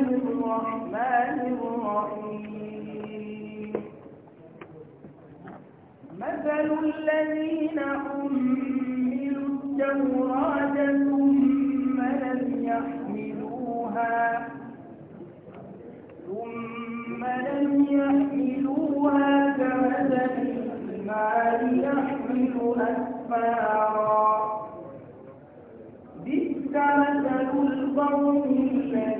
الرحمن الرحيم مثل الذين أملوا التوراة ثم لم يحملوها ثم لم يحملوها كمثل الحمار يحمل أسفارا بئس مثل القوم الذين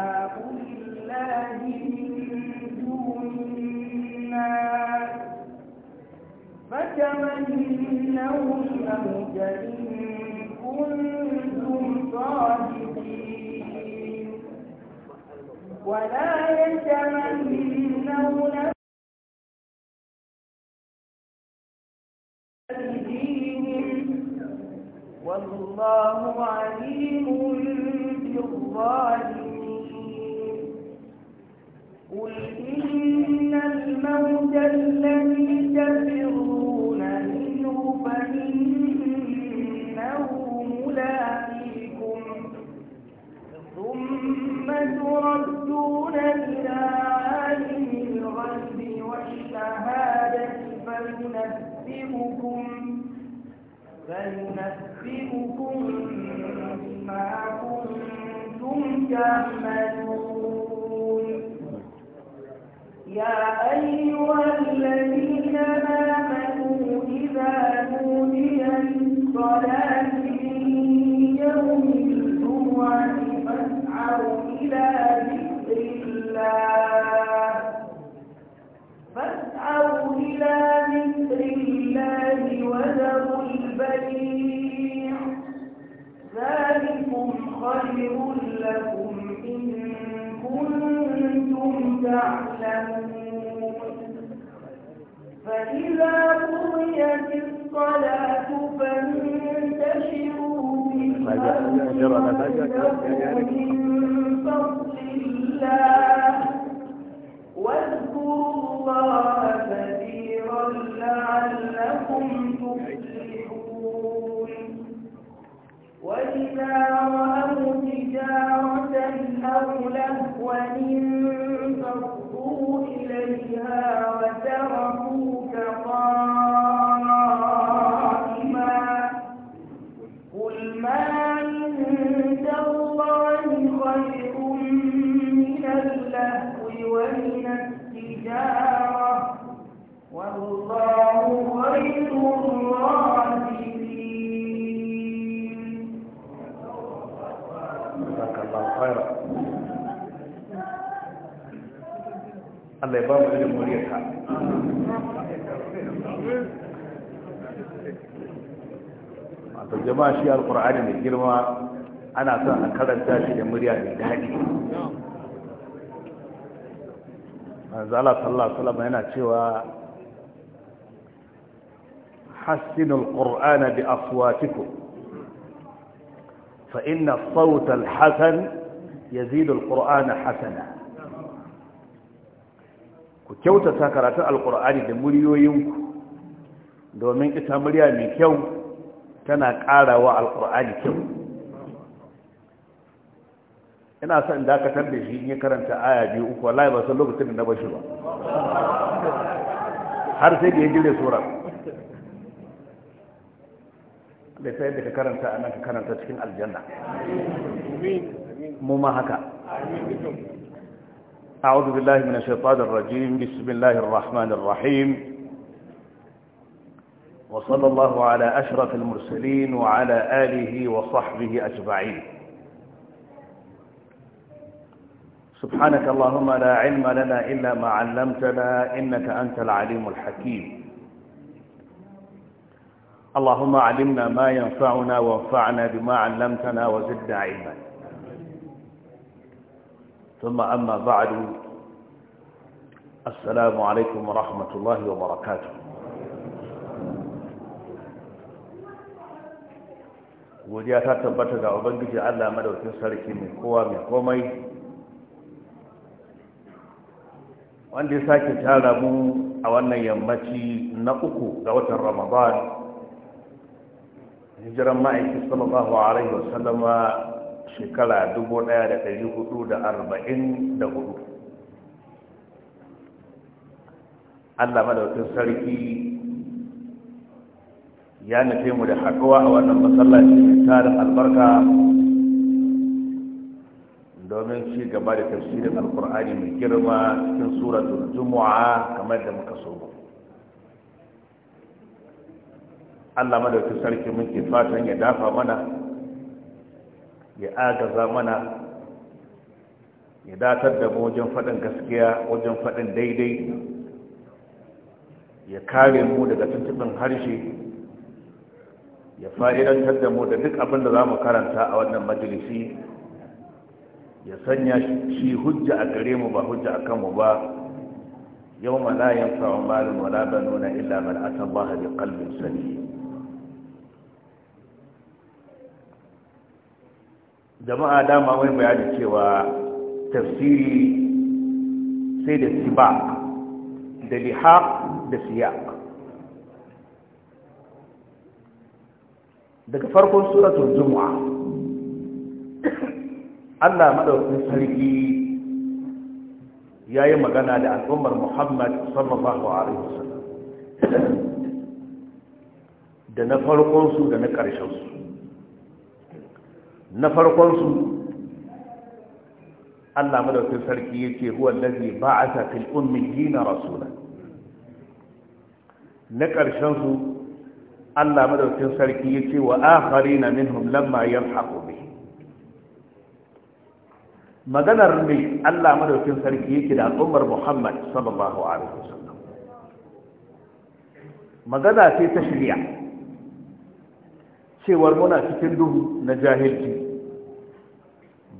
فتمنوا الموت إن كنتم صادقين ولا يتمنون والله عليم بالظالمين قل إن الموت الذي تفرون ثم تردون إلى عالم الغيب والشهادة فينبئكم فينبئكم بما كنتم تعملون يا أيها الذين آمنوا إذا نودي للصلاة يوم الجمعة فاسعوا إلى ذكر الله فاسعوا إلى ذكر الله وذروا البيع ذلكم خير لكم إن كنتم تعلمون فإذا قضيت الصلاة فانتشروا من الأرض فضل الله واذكروا الله كثيرا لعلكم تفلحون وإذا رأوا تجارة أو لهوا انفضوا إليها وتركوك قائما التجارة والله خير الرازقين جزاك الله خيرا jama'a shi mai girma ana son a karanta shi da murya mai daɗi manzala sallallahu alaihi yana cewa hassinul qur'ana bi aswatikum fa inna as-sawta hasan yazidu al-qur'ana hasana ku kyautata karatun alqur'ani da muryoyinku domin ita murya mai kyau tana ƙarawa alqur'ani kyau ina inda dakatar tambaye shi in ya karanta aya biyu uku wallahi ba san lokacin da na bashi ba har sai da ya jire sura da sai da ka karanta a nan ka karanta cikin aljanna mu ma haka أعوذ بالله من الشيطان الرجيم بسم الله الرحمن الرحيم وصلى الله على أشرف المرسلين وعلى آله وصحبه أجمعين سبحانك اللهم لا علم لنا إلا ما علمتنا إنك أنت العليم الحكيم اللهم علمنا ما ينفعنا وانفعنا بما علمتنا وزدنا علما ثم أما بعد السلام عليكم ورحمة الله وبركاته وجاءت ta tabbata ga ubangiji Allah madaukin sarki من kowa mai komai wanda ya sake tara mu a wannan yammaci na uku ga watan ramadan hijiran ma'aiki sallallahu alaihi wasallama shekara 1444 allah madaukin sarki ya nufi mu da haɗuwa a wannan masallaci mai albarka domin ci gaba da tafsirin alkur'ani mai girma cikin suratul jumu'a kamar da muka so Allah madaukakin sarki muke fatan ya dafa mana ya agaza mana ya datar da mu wajen faɗin gaskiya wajen faɗin daidai ya kare mu daga tuntuɓin harshe ya fa'idantar da mu da duk abin da za mu karanta a wannan majalisi ya sanya shi hujja a gare mu ba hujja a kan mu ba yau ma la yanfa wa malin wala banuna illa man ata Allah bi qalbin salim jama'a dama wai bayani cewa tafsiri sai da siba da liha da siya. daga farkon suratul jumu'ah Allah madaukakin sarki ya yi magana da al'ummar Muhammad sallallahu Alaihi wasallam da na farkonsu da na ƙarshensu na farkonsu Allah madaukakin sarki ya ce huwa lazi ba a tafil ummiyi na rasula na ƙarshensu Allah madaukakin sarki ya ce wa akari na minhum lamma yar haƙobi maganar mai Allah madaukin sarki yake da al'ummar Muhammad sallallahu alaihi wasallam magana ce ta shirya cewar muna cikin duhu na jahilci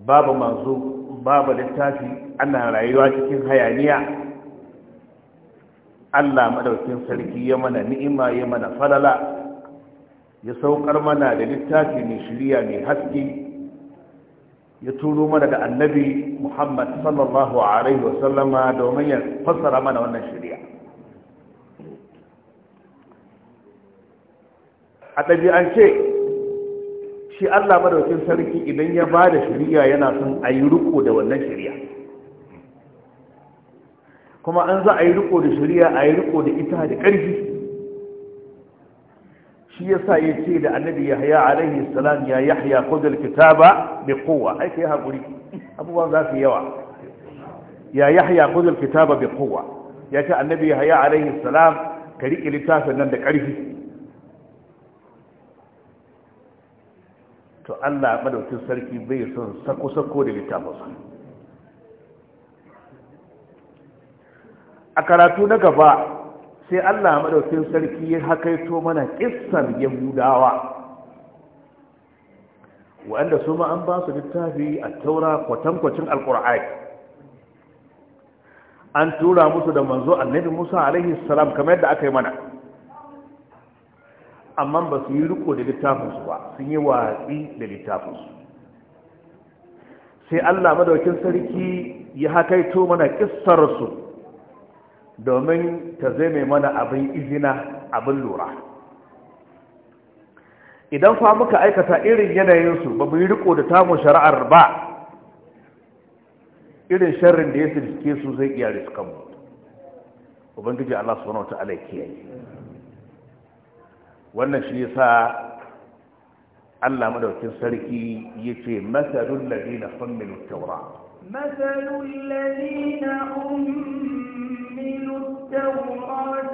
babu manzo babu littafi ana rayuwa cikin hayaniya Allah madaukin sarki ya mana ni'ima ya mana falala ya saukar mana da littafi mai shirya mai haske ya turo mana ga annabi muhammad sallallahu alaihi wasallama domin ya fassara mana wannan shari'a a ɗabi'ance shi allah madaukin sarki idan ya ba da shari'a yana son a yi riko da wannan shari'a kuma an za a yi riko da shari'a a yi riko da ita da ƙarfi shi yasa ce da annabi yahya alaihi salam ya yahya khudh alkitaba bi kowa. ai kai hakuri abubuwan za su yawa ya yahya khudh alkitaba bi Ya ce annabi yahya alaihi salam ka riƙe littafin nan da karfi to Allah madaukin sarki bai son sako-sako da littafinsa a karatu na gaba sai Allah madaukin sarki ya hakaito mana kissar yahudawa wanda su ma an ba su littafi a taura kwatankwacin alkur'ai an tura musu da manzo annabi musa alaihi salam kamar yadda aka yi mana amma ba su yi riko da littafinsu ba sun yi watsi da littafinsu sai allah madaukin sarki ya hakaito mana kissarsu domin ta zai mana abin izina abin lura idan fa muka aikata irin yanayinsu ba mu yi riko da tamu shari'ar ba irin sharrin da ya sirke su zai iya riskanmu ubangiji Allah subhanahu ya kiyaye wannan shi yasa Allah madaukin sarki yace masalul ladina hummilu tawra taura masarun lalina يحملوا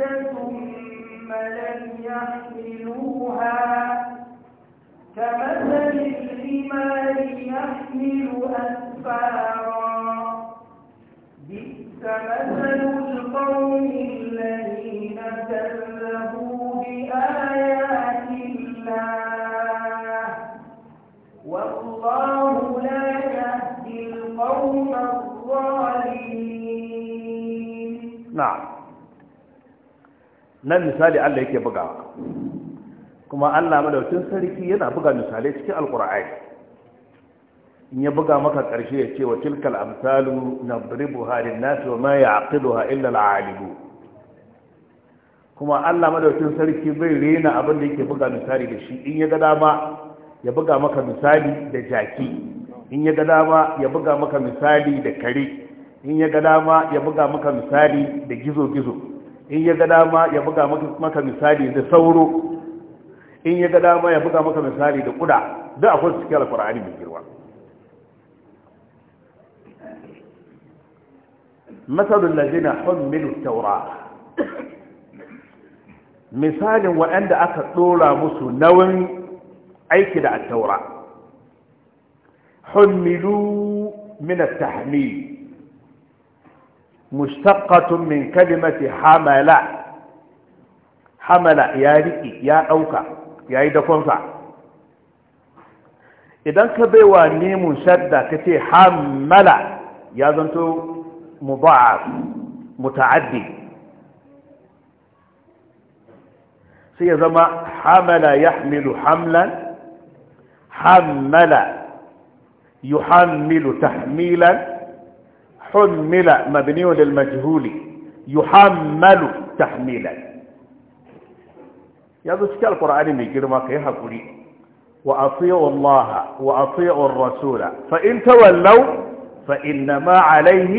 ثم لم يحملوها كمثل الحمار يحمل القوم الذين كذبوا بآيات الله والله لا يهدي القوم الظالمين na nan misali Allah yake buga, kuma Allah madaukin sarki yana buga misalai cikin alkur'ani in ya buga maka ƙarshe ya ce wa tilkal amsalu nadribu halin nasi wa ma ya'qiluha illa al'alim kuma Allah madaukin sarki bai rena abin da yake buga misali da shi in ya ga dama ya buga maka misali da jaki in ya ga dama ya buga maka misali da kare in ya ga dama ya buga maka misali da gizo-gizo in ya ga dama ya buga maka misali da sauro in ya ga dama ya buga maka misali da kuda da akwai su kyala mai girma matsalin ladina hamilu taura misalin waɗanda aka ɗora musu nawin aiki da attaura hamilu min tahmil مشتقة من كلمة حمل حمل يا رئي يا أوكا يا إدكونسا إذا كبيوا نيم شدة كتي حملة يا ذنتو مضاعف متعدي زما حمل يحمل حملا حمل يحمل تحميلا حمل مبني للمجهول يحمل تحميلا يذكر القران من غير ما يحقري واطيع الله وأطيعوا الرسول فان تولوا فانما عليه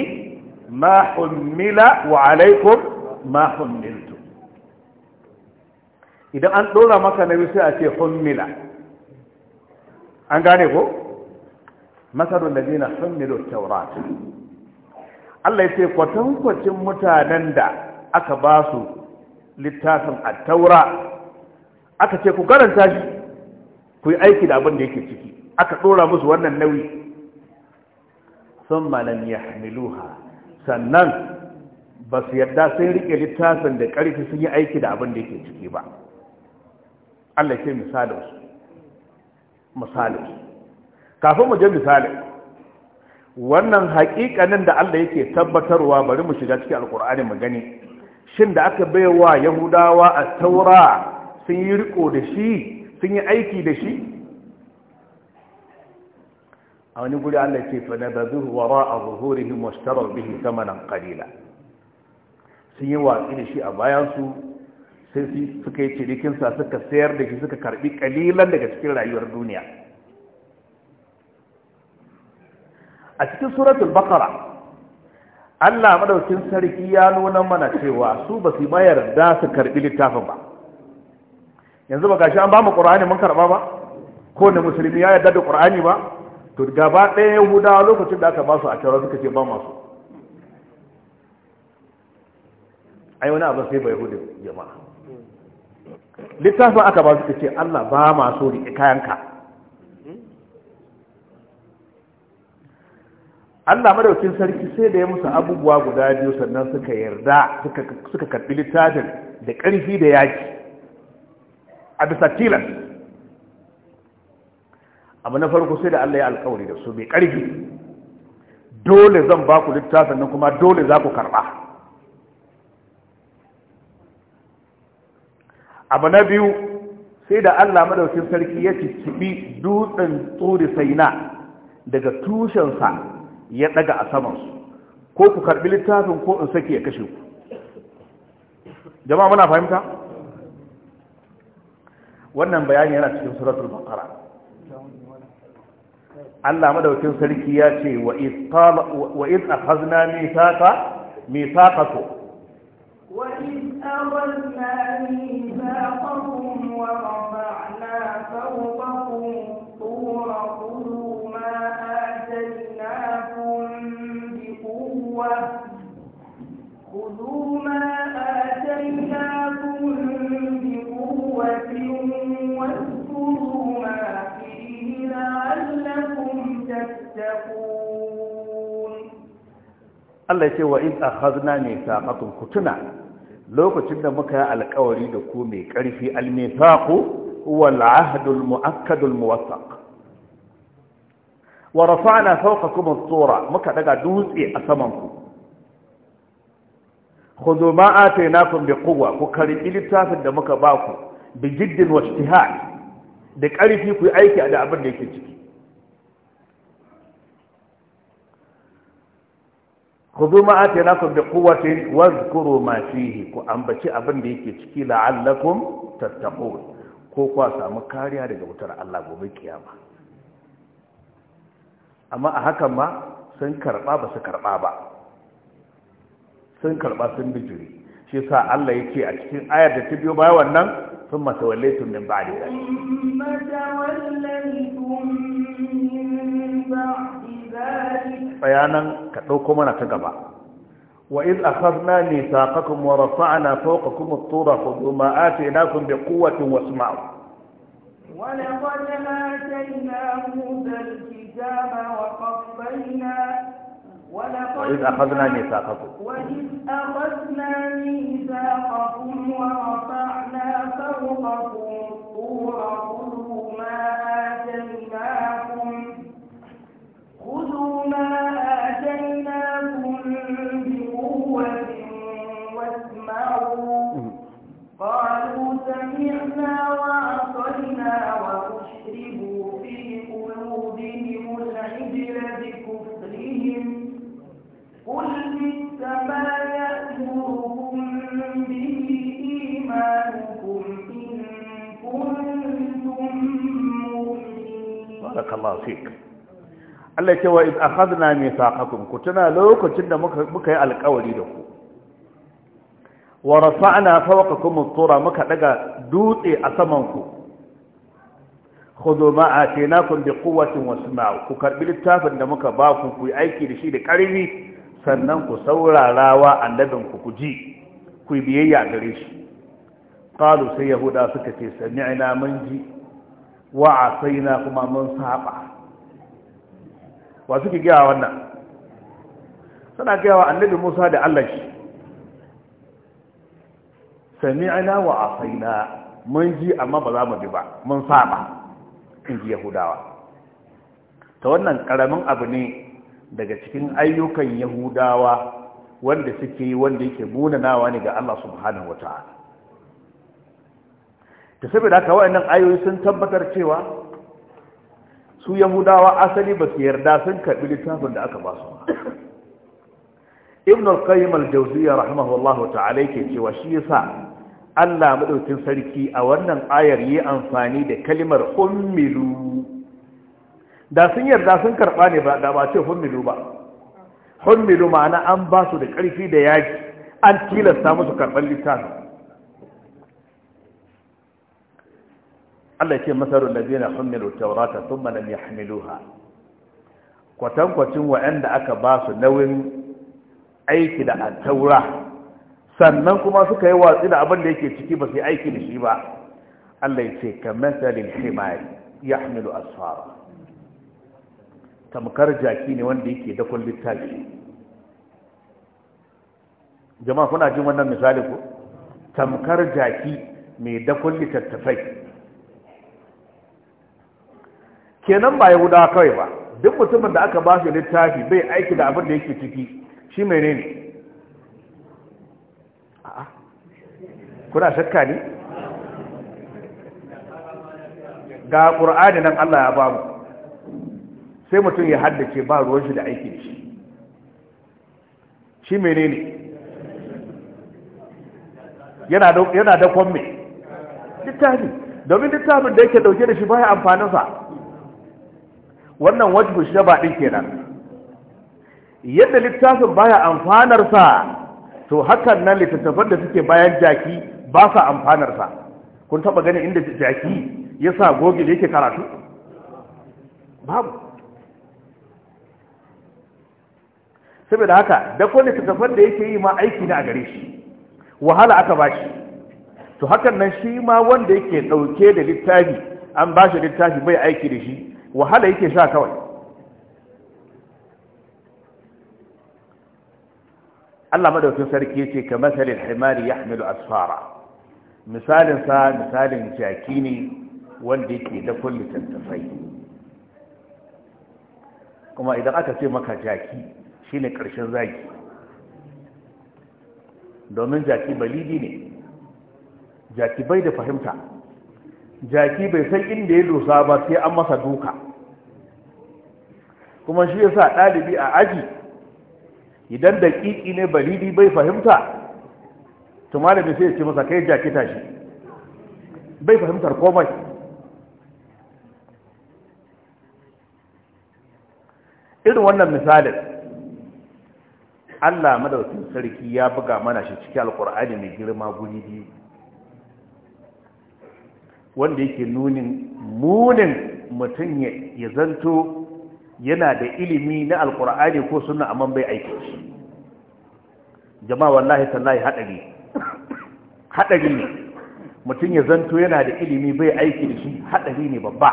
ما حمل وعليكم ما حملتم اذا أنت لولا ما كان يسي اتي حمل ان غاني مثل الذين حملوا التوراه Allah ya ce kwatankwacin mutanen da aka ba su littafin attaura aka ce ku karanta shi ku yi aiki da abin da yake ciki aka ɗora musu wannan nauyi sun malam ya hamiluha sannan ba su yadda sun riƙe littafin da ƙarfi sun yi aiki da abin da yake ciki ba Allah ya ce misalinsu misalinsu kafin mu je misalinsu wannan haƙiƙanin da Allah yake tabbatarwa bari mu shiga cikin Alƙur'ani mu gani shin da aka baiwa yahudawa a taura sun yi riko da shi sun yi aiki da shi a wani guri Allah ce fa nabadhu wara'a zuhurihim washtaraw bihi thamanan qalila sun yi watsi da shi a bayan su sai suka yi cirikin suka sayar da shi suka karbi kalilan daga cikin rayuwar duniya a cikin suratul bakara, Allah madaukin sarki ya nuna mana cewa su ba su bayar da su karbi littafin ba yanzu ba gashi an ba mu qur'ani mun karba ba ko ne musulmi ya yarda da qur'ani ba to gaba ɗaya yahuda lokacin da aka ba su a tara suka ce ba masu ai wani abin sai ba yahudin jama'a littafin aka ba suka ce Allah ba masu riƙe kayanka Allah madaukin sarki sai da ya musu abubuwa guda biyu sannan suka yarda suka karbi littafin da ƙarfi da yaki a bisa tilas abu na farko sai da Allah ya alkawari da su mai ƙarfi dole zan ba ku littafin nan kuma dole za ku karɓa abu na biyu sai da Allah madaukin sarki ya cicibi dutsen tsori saina daga tushensa ya daga a samansu ko ku karbi littafin ko in saki ya kashe ku jama'a muna fahimta wannan bayani yana cikin suratul baqara Allah madaukin sarki ya ce wa iz qala wa iz akhadna mithaqa mithaqakum wa iz akhadna mithaqakum wa rafa'na fawqakum خذوا ما آتيناكم بقوة واذكروا ما فيه لعلكم تتقون الله يقول وإذ أخذنا ميثاقكم كتنا lokacin da muka yi alkawari da ku mai ƙarfi almisaku wal ahdul mu'akkadul muwassaq wa rafa'na fawqakum as-sura muka daga dutse a saman ku khudhu ma atainakum biquwwa ku karbi littafin da muka ba ku bi jiddin wa da karfi ku yi aiki da abin da yake ciki khudhu ma atainakum biquwwatin wadhkuru ma fihi ku ambaci abin da yake ciki la'allakum tattaqun ko kwa samu kariya daga wutar Allah gobe kiyama amma a hakan ma sun karɓa ba su karba ba sun karba sun bijiri shi sa Allah yake a cikin ayar da ta biyo baya wannan sun mata wallaitun min ba'di zalik bayanan ka ɗauko mana ta gaba وإذ أخذنا ميثاقكم ورفعنا فوقكم الطور خذوا ما آتيناكم بقوة واسمعوا ولقد آتينا موسى الكتاب وقفينا وإذ أخذنا ميثاقكم وإذ أخذنا ميثاقكم ورفعنا فوقكم الطور خذوا ما آتيناكم خذوا ما آتيناكم بقوة واسمعوا قالوا سمعنا وعصينا وأطعنا Allah ya ce wa iz akhadna mithaqakum ku lokacin da muka muka yi alƙawari da ku wa rafa'na fawqakum at-tura muka daga dutse a saman ku khudhu ma atainakum biquwwatin wasma'u ku karbi littafin da muka ba ku ku yi aiki da shi da ƙarfi sannan ku saurara wa annabin ku ji ku biyayya gare shi qalu sai yahuda suka ce sami'na mun ji wa na kuma mun saba wa suke gaya wannan suna gaya wa annabi Musa da Allah shi sami'na wa na mun ji amma ba za mu bi ba mun saba in ji yahudawa ta wannan karamin abu ne daga cikin ayyukan yahudawa wanda suke yi wanda yake munanawa ne ga Allah subhanahu wata'ala ta saboda haka wayannan ayoyi sun tabbatar cewa su yahudawa asali ba su yarda sun karbi littafin da aka ba su ibn al-qayyim al-jawziyya rahimahullahu ta'ala yake cewa shi yasa Allah madaukin sarki a wannan ayar yi amfani da kalimar ummilu da sun yarda sun karɓa ne ba da ba ce hunmilu ba hunmilu ma'ana an ba su da ƙarfi da yaƙi an tilasta musu karɓar littafin Allah ce masarun da zina hunmilu taurata sun mana mai ha kwatankwacin wa'anda aka ba su nauyin aiki da an taura sannan kuma suka yi watsi da abin da yake ciki ba su yi aiki da shi ba Allah ya ce ka masalin himari ya hamilu asfara tamkar jaki ne wanda yake dakon littafi jama'a kuna jin wannan misali ko tamkar jaki mai dakon littattafai kenan ba yahudawa kawai ba duk mutumin da aka ba shi littafi bai aiki da abin da yake ciki shi mene kuna shakka ne ga ƙur'ani nan allah ya ba mu sai mutum ya haddace ba ruwan shi da aiki shi shi menene yana da kwamme littafi domin littafin da yake dauke da shi baya amfaninsa wannan wajibu shi ba ɗin kenan yadda littafin baya amfanarsa to hakan nan littattafan da suke bayan jaki ba sa amfanarsa kun taba ganin inda jaki ya sa gogi da yake karatu babu saboda haka da ko da yake yi ma aiki na a gare shi wahala aka shi. to hakan nan shi ma wanda yake dauke da littafi an bashi littafi bai aiki da shi wahala yake sha kawai Allah madaukakin sarki yace ka salil himari yahmilu asfara misalin sa misalin jaki ne wanda yake da kullu tantafai kuma idan aka ce maka jaki Shi ne ƙarshen zagi domin jaki balidi ne jaki bai da fahimta jaki bai san inda ya dosa ba sai an masa duka kuma shi ya sa ɗalibi a aji idan da ƙiƙi ne balidi bai fahimta to malami sai ya ce masa kai jaki tashi bai fahimtar komai irin wannan misalin Allah madaukin sarki ya buga mana shi cikin alkur'ani mai girma guri biyu wanda yake nunin munin mutum ya zanto yana da ilimi na alkur'ani ko suna amma bai aiki shi jama'a wallahi tallahi haɗari haɗari ne mutum ya zanto yana da ilimi bai aiki da shi haɗari ne babba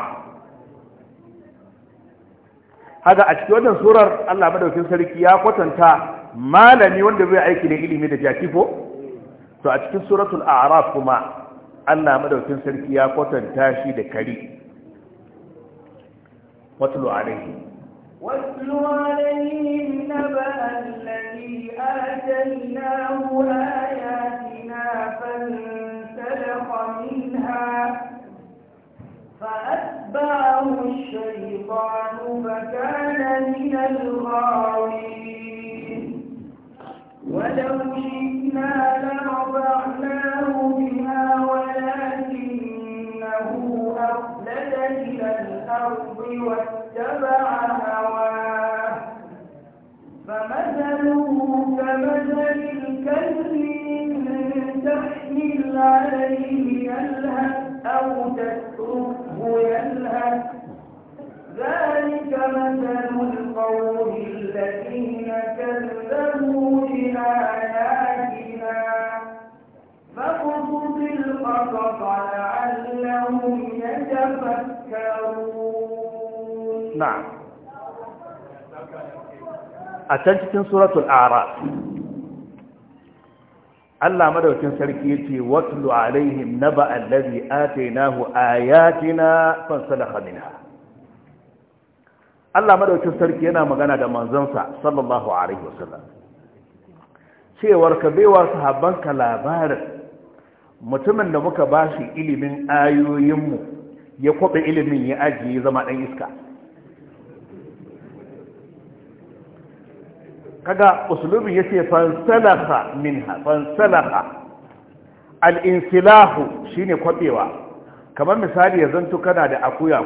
haka a cikin wannan surar allah madaukin sarki ya kwatanta malami wanda zai aiki da ilimi da jaki to a cikin suratul a'raf kuma Allah madaukin sarki ya kwatanta shi da kari watlu alaihi watlu alaihim naba allazi atainahu ayatina fansalakha minha فأتبعه الشيطان فكان من الغاوين ولو شئنا لرفعناه بها ولكنه إلى الأرض واتبع هواه فمثله كمثل تحمل عليه أو تتركه ذلك مثل القوم الذين كذبوا A can cikin أتجتن سورة الأعراف Allah madaukin sarki yace watlu alaihim naba allazi atainahu ayatina fansalakha minha Allah madaukin sarki yana magana da manzansa sallallahu alaihi wasallam cewar ka baiwa sahabbanka labarin mutumin da muka ba shi ilimin ayoyinmu ya kwaɓe ilimin ya ajiye zama ɗan iska kaga usulubi ya ce fansalaha minha fansalaha al'insilahu shi ne kwaɓewa kamar misali ya zanto kana da akuya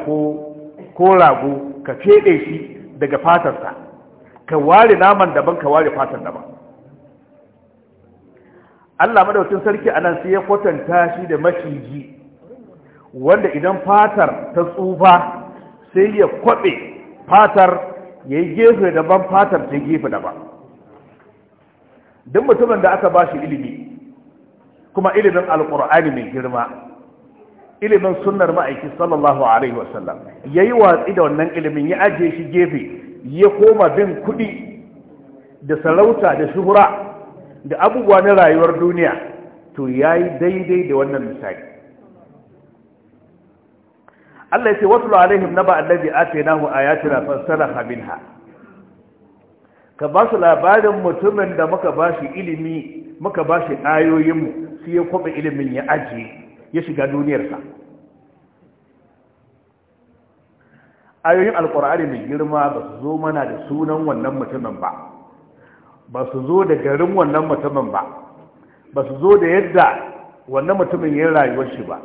ko rago ka feɗe shi daga fatarsa ka ware naman daban ka ware fatar daban Allah madaukin sarki anan sai ya kwatanta shi da maciji wanda idan fatar ta tsufa sai ya kwabe fatar ya yi gefe daban fatar ta gefe daban duk mutumin da aka ba shi ilimi kuma ilimin alkur'ani mai girma ilimin sunnar ma'aiki sallallahu alaihi wasallam ya yi watsi da wannan ilimin ya ajiye shi gefe ya koma bin kuɗi da sarauta da shuhura da abubuwa na rayuwar duniya to ya yi daidai da wannan misali Allah ya ce wasu alaihim na ba'allazi atainahu ayatina fassalaha minha ka ba su labarin mutumin da muka ba shi ilimi muka ba shi ayoyinmu su ya kwaba ilimin ya ajiye ya shiga duniyarsa ayoyin alkur'ani mai girma ba su zo mana da sunan wannan mutumin ba ba su zo da garin wannan mutumin ba ba su zo da yadda wannan mutumin ya rayuwar shi ba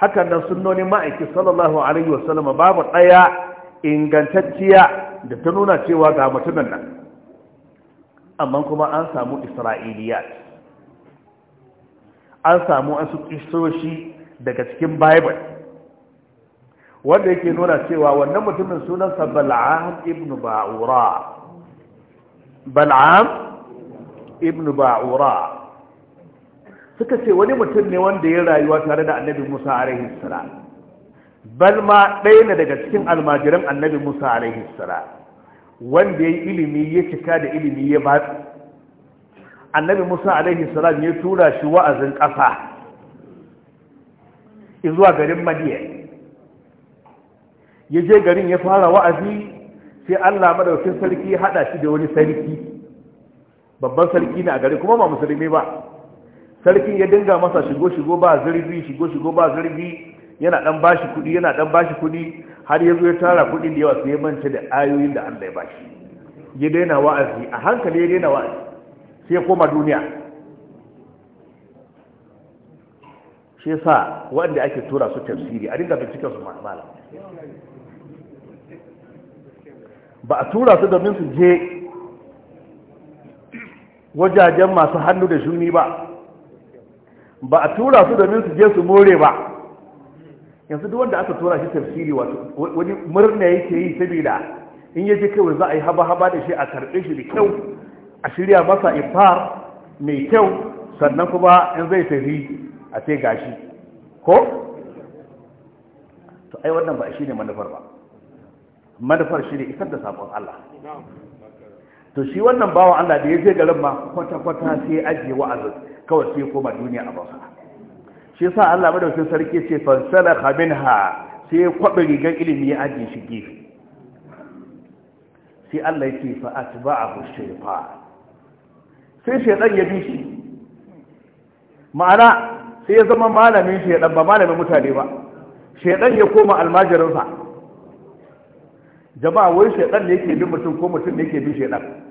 hakan nan sunnoni ma'aiki sallallahu alaihi wasallam babu ɗaya ingantacciya da ta nuna cewa ga mutumin nan amma kuma an samu isra'iliyat an samu asu kisoshi daga cikin bible wanda yake nuna cewa wannan mutumin sunansa bal'am ibn ba'ura bal'am ibn ba'ura suka ce wani mutum ne wanda ya rayuwa tare da annabi musa alaihi salam bal ma ɗaya ne daga cikin almajiran annabi musa alaihi salam wanda ya yi ilimi ya cika da ilimi ya ba annabi musa alaihi salam ya tura shi wa'azin ƙasa izuwa garin Madiya. ya je garin ya fara wa'azi sai allah madaukin sarki haɗa shi da wani sarki babban sarki ne a gari kuma ba musulmi ba sarkin ya dinga masa shigo shigo ba zurfi shigo shigo ba zurfi yana dan bashi kudi yana dan bashi kudi har yazo ya tara kuɗi da yawa sai ya manta da ayoyin da Allah ya bashi ya daina wa'azi a hankali ya daina wa'azi sai ya koma duniya shi yasa waɗanda ake tura su tafsiri a dinga binciken su malam. ba a tura su domin su je wajajen masu hannu da shuni ba ba a tura su domin su je su more ba yanzu duk wanda aka tura shi tafsiri wani murna yake yi saboda in yaje kawai za a yi haba-haba da shi a karbe shi da kyau a shirya masa ifar mai kyau sannan kuma in zai tafi a ce gashi ko? to ai wannan ba shi ne manufar ba manufar shi ne isar da sabon Allah to shi wannan bawa Allah da ya je garin ma kwata-kwata sai ya ajiye wa'azin kawai sai koma duniya a bauta shi yasa Allah madaukin sarki ce fansala minha sai kwaɓe rigar ilimi ya ajiye shi gefe sai Allah ya ce fa atba'ahu fa. sai shaidan ya bi shi ma'ana sai ya zama malamin shaidan ba malamin mutane ba shaidan ya koma almajirinsa jama'a wai shaidan ne yake bin mutum ko mutum ne yake bin shaidan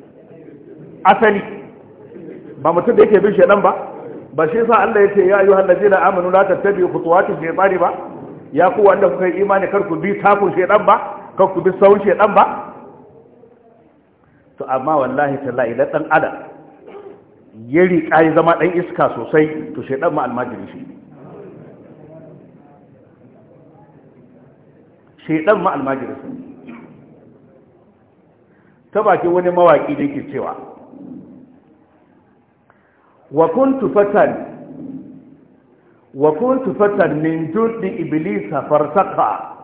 asali ba mutum da yake bin shaidan ba ba shi sa Allah yake ya ayyuhal ladina amanu la tattabi'u khutuwati shaytani ba ya ku wanda kuka yi imani kar ku bi takun shaidan ba kar ku bi sawun shaidan ba to amma wallahi tallahi da dan adam ya riƙa ya zama dan iska sosai to shaidan ma almajiri shi shaidan ma almajiri ta bakin wani mawaki da yake cewa وكنت فتى وكنت فتى من جند إبليس فارتقى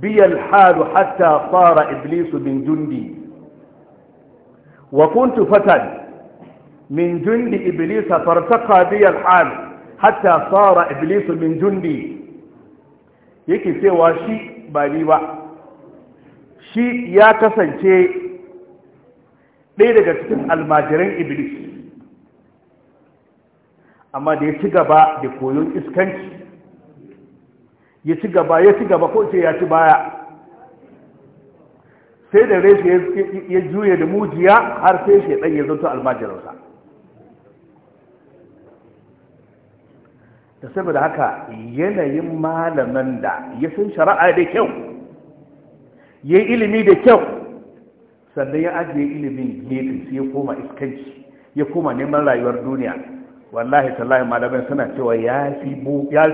بي الحال حتى صار إبليس من جندي وكنت فتى من جلد إبليس فارتقى بي الحال حتى صار إبليس من جندي يكي سوى شيء باليوة شيء يا كسن شيء ليه لك إبليس amma da ya ci gaba da koyon iskanci ya ci gaba ya ci gaba ko ce ya ci baya sai da reshe ya juya da mujiya har sai shi ɗan ya zanto almajiransa da saboda haka yanayin malaman da ya san shari'a da kyau ya yi ilimi da kyau sannan ya ajiye ilimin gefe sai ya koma iskanci ya koma neman rayuwar duniya wallahi tallahi malamai suna cewa ya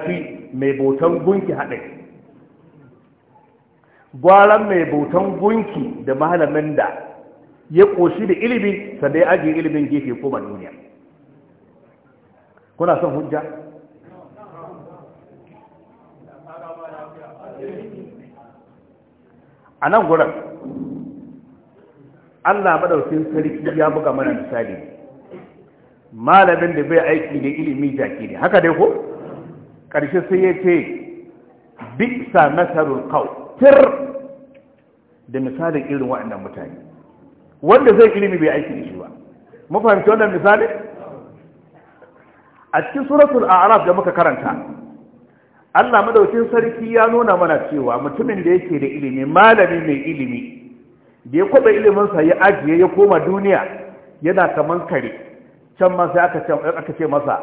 fi mai bautan gunki haɗari gwaran mai bautan gunki da malamin da ya ƙoshi da ilimi sannan ya ajiye ilimin gefe koma duniya kuna son hujja a nan gudan allah maɗaukin sarki ya buga mana misali malamin da bai aiki da ilimi jaki ne haka dai ko ƙarshe sai ya ce bisa masarul kau tir da misalin irin waɗannan mutane wanda zai ilimi bai aiki da shi ba mu wannan misali a cikin suratul a'raf da muka karanta Allah madaukin sarki ya nuna mana cewa mutumin da yake da ilimi malami mai ilimi da ya kwaba iliminsa ya ajiye ya koma duniya yana kamar kare can ma sai aka ce masa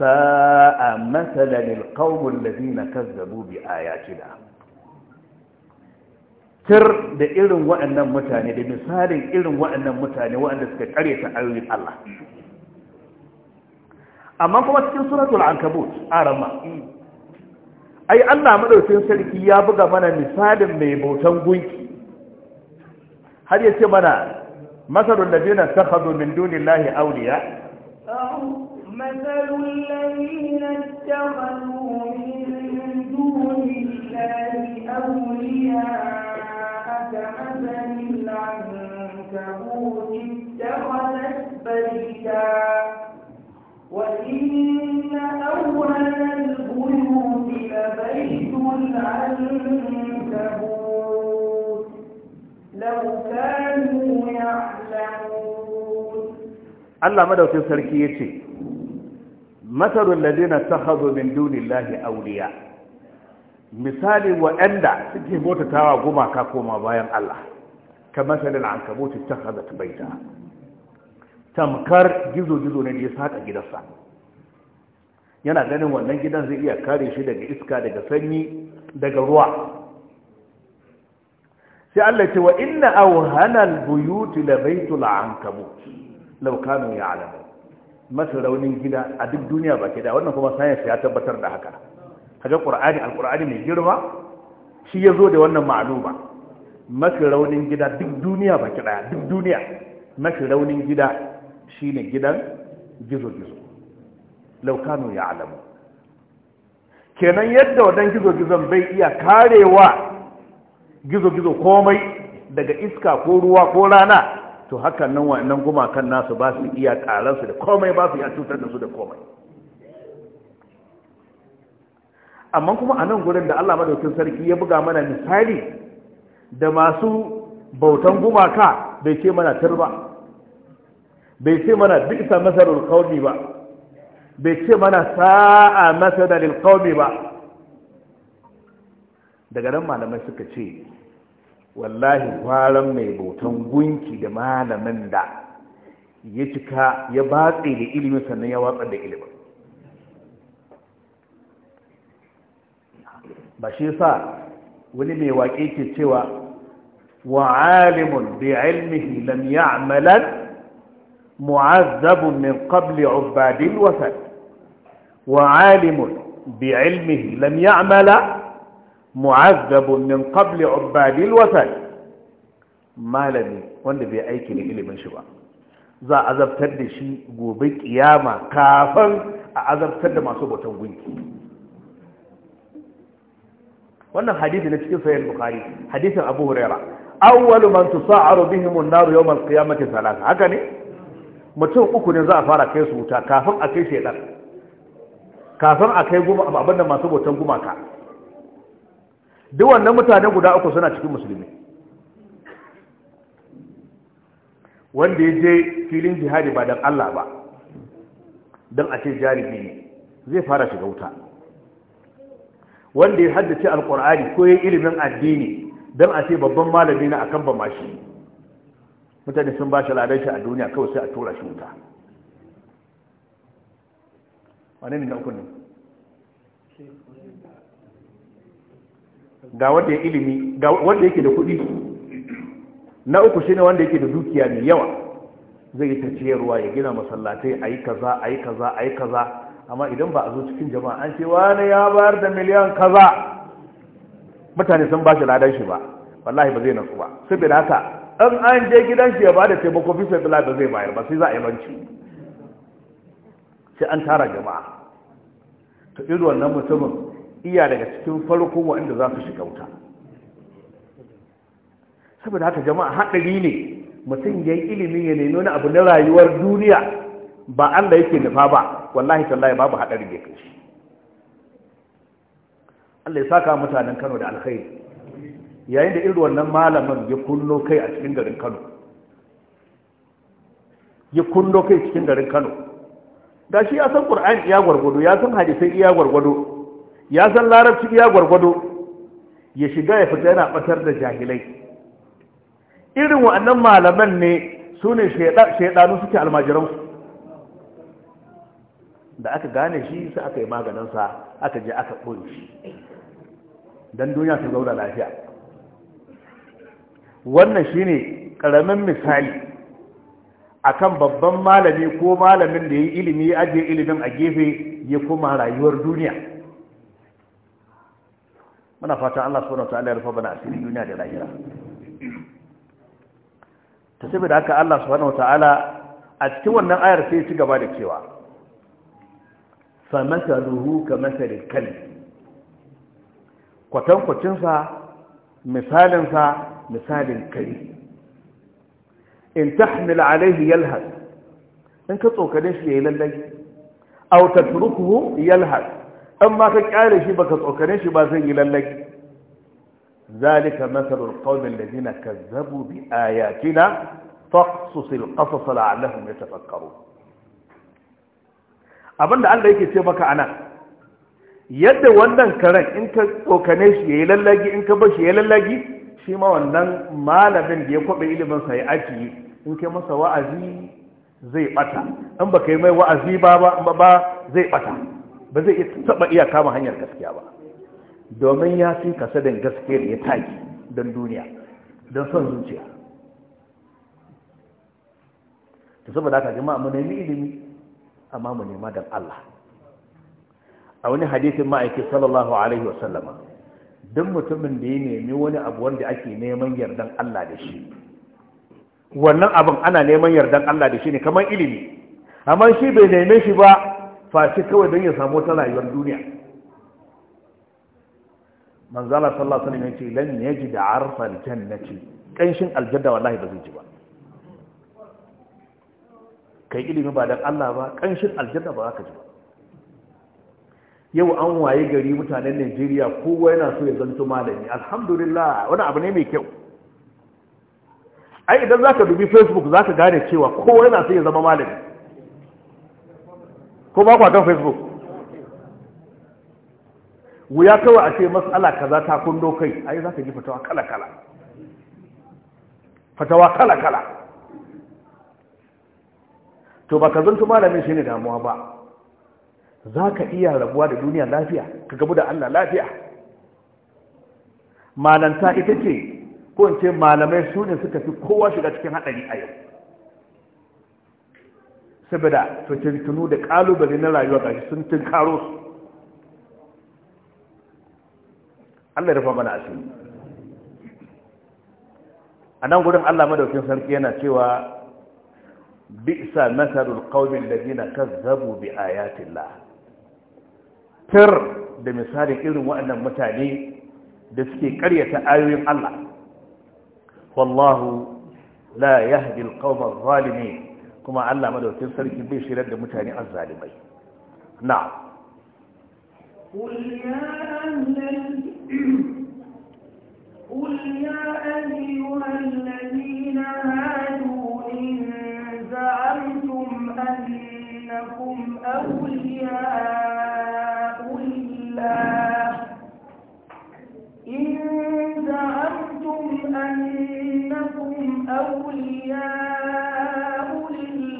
sa'a masalan alqawmul ladina kazzabu bi ayatina tir da irin waɗannan mutane da misalin irin waɗannan mutane waɗanda suka kare ta ayoyin Allah amma kuma cikin suratul ankabut arama ai Allah madaukakin sarki ya buga mana misalin mai bautan gunki har yace mana مثل الذين اتخذوا من دون الله أولياء مثل الذين اتخذوا من دون الله أولياء كمثل العنكبوت اتخذت بيتا وإن أول البيوت لبيت العنكبوت لو كان Allah madaukin sarki yace matarul ladina takhadhu min dunillahi awliya misali waɗanda suke bautatawa gumaka koma bayan Allah kamasalin ankabut takhadhat baita tamkar gizo-gizo ne da ya saka gidansa yana ganin wannan gidan zai iya kare shi daga iska daga sanyi daga ruwa sai Allah ce wa inna awhanal buyuti la ankabut Laukano ya alamu masu raunin gida a duk duniya ba ke da wannan kuma sayansu ya tabbatar da haka kaga ƙur'ani alƙur'ani mai girma shi ya zo da wannan ma'aluma mafi raunin gida duk duniya ba ke ɗaya duk duniya mafi raunin gida shi ne gidan gizo-gizo Laukano ya alamu kenan yadda wadan gizo-gizon bai iya karewa gizo-gizo komai daga iska ko ruwa ko rana to hakan nan wa'annan gumakan nasu ba su iya karansu da komai ba su iya cutar da su da komai amma kuma a nan gurin da Allah madaukin sarki ya buga mana misali da masu bautan gumaka bai ce mana turba bai ce mana bisa masarar qaumi ba bai ce mana sa'a masarar qaumi ba daga nan malamai suka ce wallahi kwaran mai bautan gunki da malamin da ya cika ya batse da ilimin sannan ya watsar da ilimin ba shi sa wani mai waƙe ke cewa wa alimun bi ilmihi lam ya'malan mu'azzabun min qabli ubadil wasat wa alimun bi ilmihi lam ya'mala mu'azzabun min qabli ubadi alwasal malami wanda bai aiki da ilimin shi ba za a azabtar da shi gobe kiyama kafin a azabtar da masu bautan gunki wannan hadisi na cikin sahih bukhari hadisin abu huraira awwalu man tusa'aru bihim an-nar yawm al-qiyamati salasa haka ne mutum uku ne za a fara kai su wuta kafin a kai shedan kafin a kai goma abin da masu bautan gumaka duk wannan mutane guda uku suna cikin musulmi wanda ya je filin jihadi ba don Allah ba don a ce jaribi ne zai fara shiga wuta wanda ya haddace alkur'ani ko ya ilimin addini don a ce babban malami na akan ba mashi mutane sun ba shi ladar shi a duniya kawai sai a tura shi wuta wane ne na uku ga wanda ya ilimi ga wanda yake da kuɗi na uku shine wanda yake da dukiya mai yawa zai yi ta ciyarwa ya gina masallatai ayi kaza ayi kaza ayi kaza amma idan ba a zo cikin jama'a an ce wani ya bayar da miliyan kaza mutane sun ba shi ladan shi ba wallahi ba zai nasu ba saboda haka an an je gidan shi ya ba da taimako fi sai ba zai bayar ba sai za a yi banci sai an tara jama'a to irin wannan mutumin iya daga cikin farko waɗanda za su shiga wuta saboda haka jama'a haɗari ne mutum ya yi ilimin ya nemi wani abu na rayuwar duniya ba Allah yake nufa ba wallahi tallahi babu haɗari da kai shi Allah ya saka mutanen Kano da alkhairi yayin da irin wannan malamin ya kunno kai a cikin garin Kano ya kunno kai cikin garin Kano da shi ya san Qur'ani iya gwargwado ya san hadisai iya gwargwado ya san larabci iya gwargwado ya shiga ya fita yana batar da jahilai irin wa'annan malaman ne su ne shaidanu suke almajiransu da aka gane shi su aka yi maganinsa aka je aka ɓoye shi don duniya su zauna lafiya wannan shi ne ƙaramin misali akan babban malami ko malamin da ya yi ilimi ya ajiye ilimin a gefe ya kuma rayuwar duniya muna fatan Allah subhanahu wataala ya rufa bana asirin duniya da lahira ta saboda haka Allah subhanahu a cikin wannan ayar sai ya ci gaba da cewa fa masaluhu ka masalil kalbi kwatankwacinsa misalinsa misalin kai. in tahmil alaihi yalhas in ka tsokane shi yayi lallai aw tatrukuhu yalhas an ma ka kyale shi baka tsokane shi ba zai yi lallaki zalika masalul qaumin ladina kazzabu bi ayatina faqsus qasas la'allahum yatafakkarun abinda Allah yake ce maka anan yadda wannan karen in ka tsokane shi yayi lallaki in ka bar shi yayi lallaki shi ma wannan malamin da ya kwabe ilimin sa ya ajiye in kai masa wa'azi zai bata in baka yi mai wa'azi ba ba zai bata ba zai taba iya kama hanyar gaskiya ba domin ya fi kasadin gaskiyar ya taki don duniya don son zuciya ta saboda aka jama'a mu nemi ilimi amma mu nema don Allah a wani hadisin ma'aikin sallallahu alaihi wasallama don mutumin da ya nemi wani abu wanda ake neman yardan Allah da shi wannan abin ana neman yardan Allah da shi ne kamar ilimi amma shi bai neme shi ba face kawai don ya samu ta rayuwar duniya manzala sallallahu alaihi wasallam yace lan da arfal jannati kanshin aljadda wallahi ba zai ji ba kai ilimi ba dan Allah ba kanshin aljadda ba za ka ji ba yau an waye gari mutanen Najeriya kowa yana so ya zanto malami alhamdulillah wani abu ne mai kyau ai idan zaka dubi Facebook zaka gane cewa kowa yana so ya zama malami ko ba kwa kan facebook wuya kawai a ce matsala kaza ta kundo kai ai za ka ji fatawa kala-kala fatawa kala-kala to ba ka zanto malamin shi ne damuwa ba za ka iya rabuwa da duniya lafiya ka gabu da allah lafiya malanta ita ce ko in ce malamai su ne suka fi kowa shiga cikin haɗari a yau saboda to tunu da kalubale na rayuwa gashi sun tunkaro su Allah ya rufa mana asiri a nan gudun Allah madaukin sarki yana cewa bi'sa masarul qaumin kan kazzabu bi ayatillah tir da misalin irin waɗannan mutane da suke karyata ayoyin Allah wallahu la yahdi alqawma adh-dhalimin kuma Allah madaukakin sarki bai shirar da mutane azzalimai na'am قل يا قل يا أيها الذين هادوا إن زعمتم أنكم أولياء لله إن زعمتم أنكم أولياء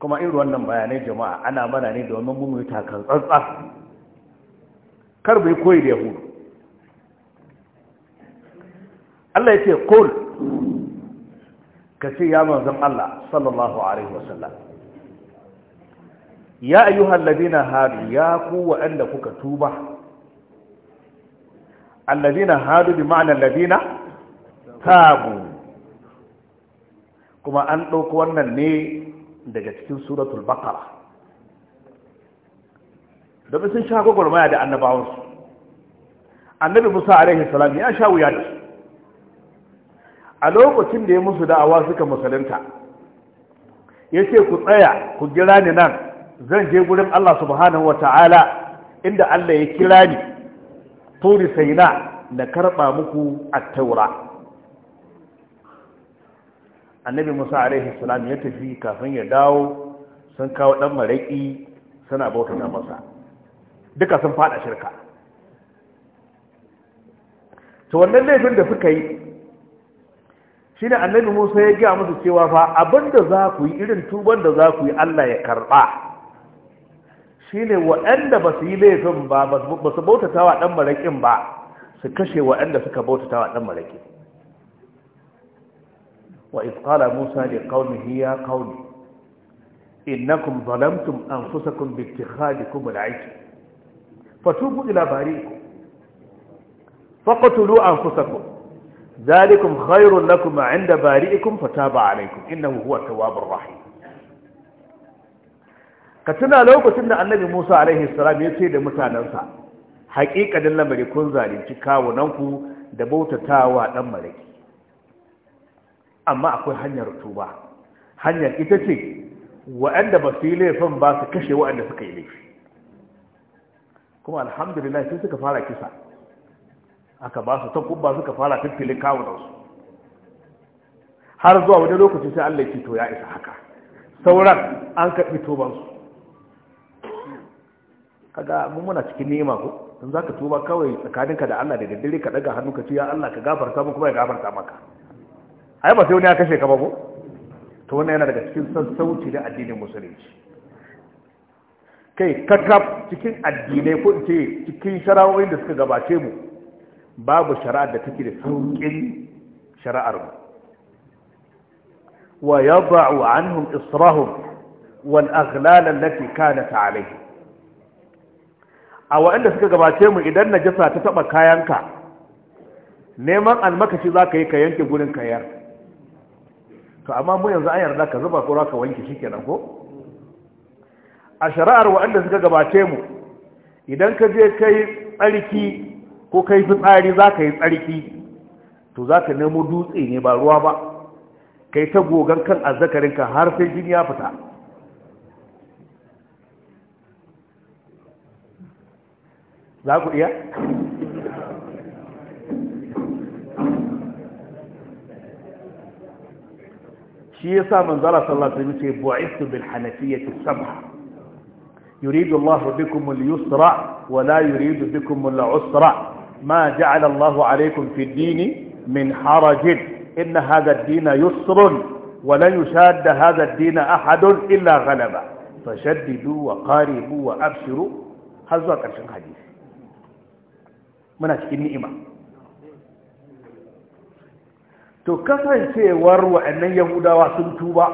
kuma irin wannan bayanai jama'a ana mana ne domin mun yi takar tsantsa kar bai koyi da yahudu Allah ya ce kul ka ce ya manzon Allah sallallahu alaihi wasallam ya ayyuhal ladina hadu ya ku wa'anda kuka tuba alladina hadu bi ma'ana alladina tabu kuma an ɗauka wannan ne daga cikin suratul baqara domin sun sha gwagwarmaya da annabawansu annabi musa alaihi salam ya sha wuya da a lokacin da ya musu da'awa suka musulunta ya ce ku tsaya ku gira ni nan zan je gurin allah subhanahu wa ta'ala inda allah ya kira ni turi sai na na karɓa muku a taura annabi musa alaihi salam ya tafi kafin ya dawo sun kawo dan maraƙi suna bauta na masa duka sun fada shirka to wannan laifin da suka yi shi ne annabi musa ya gaya musu cewa fa abinda za ku yi irin tuban da za ku yi allah ya karba shi ne waɗanda ba su yi laifin ba ba su bautata wa maraƙin ba su kashe waɗanda suka bautatawa wa ɗan maraƙin وإذ قال موسى لقومه يا قوم إنكم ظلمتم أنفسكم باتخاذكم العجل فتوبوا إلى بارئكم فقتلوا أنفسكم ذلكم خير لكم عند بارئكم فتاب عليكم إنه هو التواب الرحيم كتنا لو كتنا النبي موسى عليه السلام يسيد متاننسا حقيقة لما يكون ذلك كاوننكو دبوت تاوى لما لكي amma akwai hanyar tuba hanyar ita ce waɗanda ba su yi laifin ba su kashe waɗanda suka yi laifi kuma alhamdulillah sun suka fara kisa aka ba su ta kubba suka fara fiffilin su har zuwa wani lokaci sai Allah ya to ya isa haka sauran an karɓi tubansu kaga mun muna cikin nema ko in za ka tuba kawai tsakaninka da Allah da daddare ka daga hannu ka ce ya Allah ka gafarta mu kuma ya gafarta maka ai ba sai wani ya kashe ka ba ko to wannan yana daga cikin sassauci da addinin musulunci kai kakaf cikin addinai ko ce cikin shara'o'in da suka gabace mu babu shara'ar da take da sauƙin shari'ar mu wa yadha'u anhum israhum wal aghlal allati kanat alayhi a waɗanda suka gabace mu idan najasa ta taba kayanka neman almakashi zaka yi ka yanke gurin kayar to amma mu yanzu an yarda ka zuba ko ka wanke shi kenan ko a shari'ar waɗanda suka gabace mu idan ka je kai tsarki ko kai fitsari za ka yi tsarki to za ka nemo dutse ne ba ruwa ba kai ta gogan kan ka har sai jini ya fita za ku iya شيسا من ذلك صلى الله عليه وسلم بعثت بالحنفية السمحة يريد الله بكم اليسرى ولا يريد بكم العسرى ما جعل الله عليكم في الدين من حرج إن هذا الدين يسر ولن يشاد هذا الدين أحد إلا غلبة فشددوا وقاربوا وأبشروا هذا كرشن حديث منك إني إمام to kasancewar wa'annan yahudawa sun tuba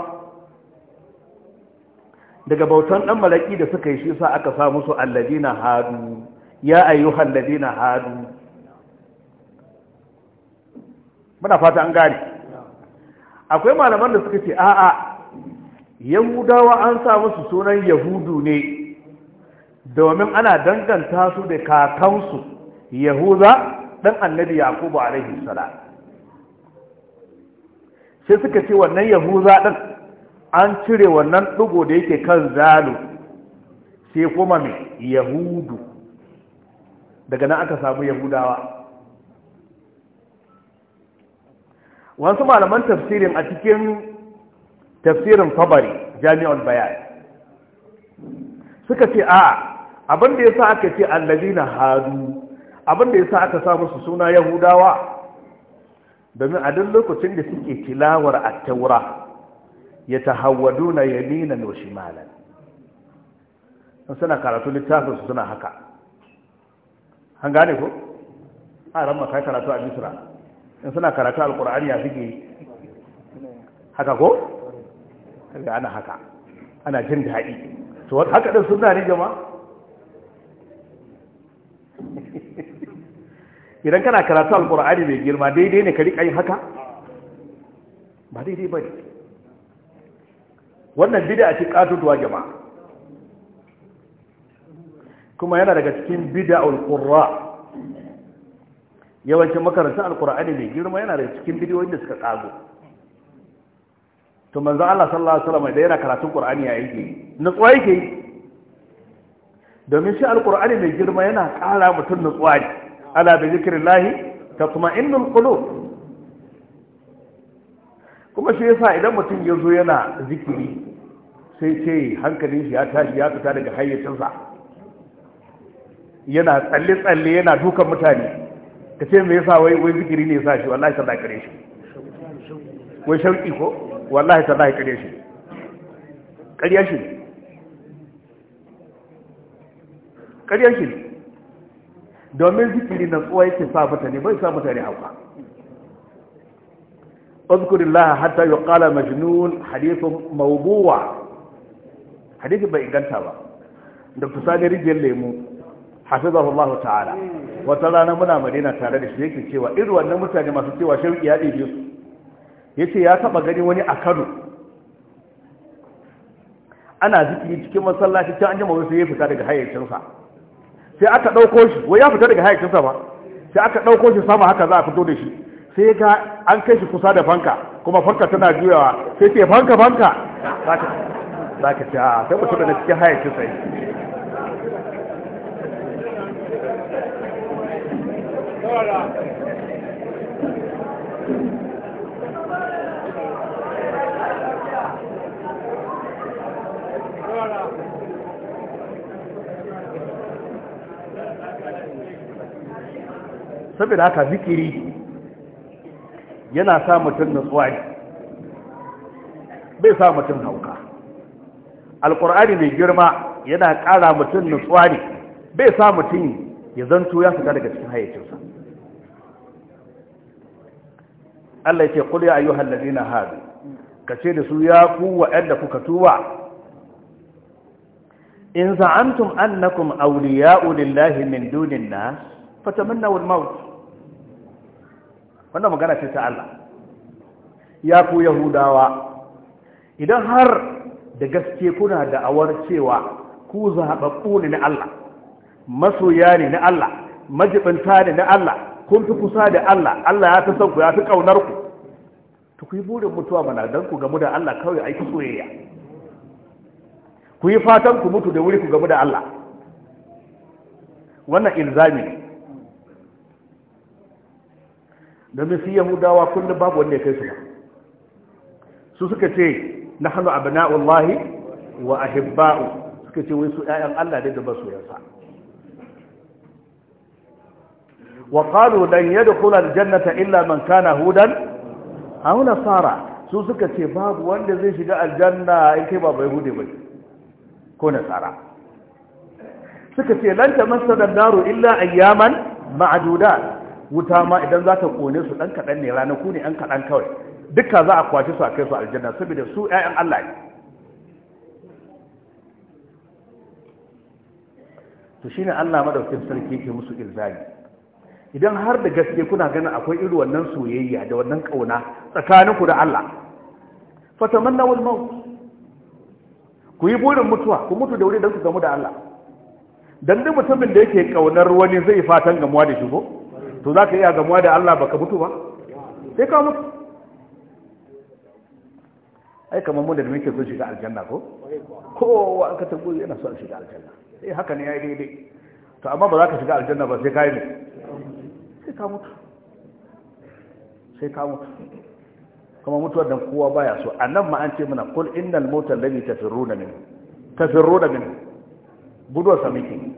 daga bautan ɗan malaki da suka yi shi sa aka sa musu alladina hadu ya ayyuhan ladina hadu muna fata an gane akwai malaman da suka ce a'a yahudawa an sa musu sunan yahudu ne domin ana danganta su da kakansu Yahuza, ɗan annabi yakubu alaihi salam sai suka ce wannan yahuza zaɗin an cire wannan ɗugo da yake kan zalu sai kuma mai yahudu daga nan aka samu yahudawa wasu malaman tafsirin a cikin tafsirin fabari jami'ul bayan suka ce a abinda ya sa aka ce allazi na hadu abinda ya sa aka samu su suna yahudawa domin a duk lokacin da suke tilawar a taura ya ta na yaminan wa shimalan suna karatu littafin su suna haka an gane ko a ran kai karatu a misra in suna karatu alkur'ani ya suke haka ko kaga ana haka ana jin daɗi to haka ɗin suna ne jama'a idan kana karatu alkur'ani mai girma daidai ne ka riƙa yin haka ba daidai ba ne wannan bida ce katutuwa jama'a kuma yana daga cikin bida alkurra yawancin makarantar alkur'ani mai girma yana daga cikin bidiyoyin da suka ƙago to manzan Allah sallallahu ala'uwa wasallam da yana karatun kur'ani ya yake nutsuwa yake domin shi alkur'ani mai girma yana ƙara mutum nutsuwa ne ala bi zikrillahi lahi qulub kuma shi yasa idan mutum ya zo yana zikiri sai ce hankalin shi ya tashi ya fita daga hayyacinsa yana tsalle tsalle yana dukan mutane ka ce me yasa wai wai zikiri ne yasa shi wallahi sallah kare shi wai shauki ko wallahi sallah kare shi kariya shi kariya shi domin zikiri na tsuwa yake sa mutane bai sa mutane hauka uzkurillaha hatta yuqala majnun hadithun mawdu'a hadithin bai inganta ba da Sani rijiyar lemu hafizahu Allah ta'ala wata rana muna madina tare da shi yake cewa irin wannan mutane masu cewa shauki ya ɗebe su yace ya taba gani wani a Kano ana zikiri cikin masallaci can an jima wasu ya fita daga hayyacinsa sai aka ɗauko shi wai ya fita daga hayakinsa ba sai aka ɗauko shi sama haka za a fito da shi sai ka an kai shi kusa da fanka kuma fanka tana juyawa sai ce fanka fanka za ka ce a sai mutum da cikin hayakinsa yi Thank saboda haka zikiri yana sa mutum nutsuwa bai sa mutum hauka alkur'ani mai girma yana ƙara mutum nutsuwa ne bai sa mutum ya zanto ya fita daga cikin hayyacinsa Allah ya ce kul ya na haɗu. Ka ce da su ya ku wa'anda kuka tuwa? in za'amtum annakum auliya’u lillahi min dunin na? fata fatamannaw al-maut wannan magana ce ta Allah ya ku yahudawa idan har da gaske kuna da awar cewa ku zaɓaɓɓu ne na Allah masoya ne na Allah majibinta ne na Allah kun fi kusa da Allah Allah ya fi ku ya fi kaunar ku to ku yi burin mutuwa mana don ku gamu da Allah kawai aiki soyayya ku yi fatan ku mutu da wuri ku gamu da Allah wannan ilzami domin su yahudawa kullum babu wanda ya kai su ba su suka ce na hannu abina'ullahi wa ahibba'u suka ce wai su ‘ya'yan Allah da ba su yasa wa ƙalu don yadda kula da jannata illa man kana hudan auna fara su suka ce babu wanda zai shiga aljanna in kai ba bai hude bai ko nasara suka ce lanta masa daru illa ayyaman ma'adudan wuta ma idan za ta kone su ɗan kaɗan ne ranaku ne ɗan kaɗan kawai duka za a kwashe su a kai su aljanna saboda su 'ya'yan Allah ne to ne Allah madaukakin sarki ke musu ilzami idan har da gaske kuna ganin akwai iri wannan soyayya da wannan ƙauna tsakaninku da Allah na wani mawu ku yi burin mutuwa ku mutu da wuri don ku gamu da Allah dan duk mutumin da yake ƙaunar wani zai fatan gamuwa da shi ko to za ka iya gamuwa da Allah baka mutu ba sai ka mutu ai kamar mun da muke so shiga aljanna ko kowa aka ka tabo yana so shiga aljanna eh haka ne yayi daidai to amma ba za ka shiga aljanna ba sai ka yi ne sai ka mutu sai ka mutu kuma mutuwar dan kowa baya so annan ma an ce mana kul innal mautal ladhi tafirruna min tafirruna min. gudu sa miki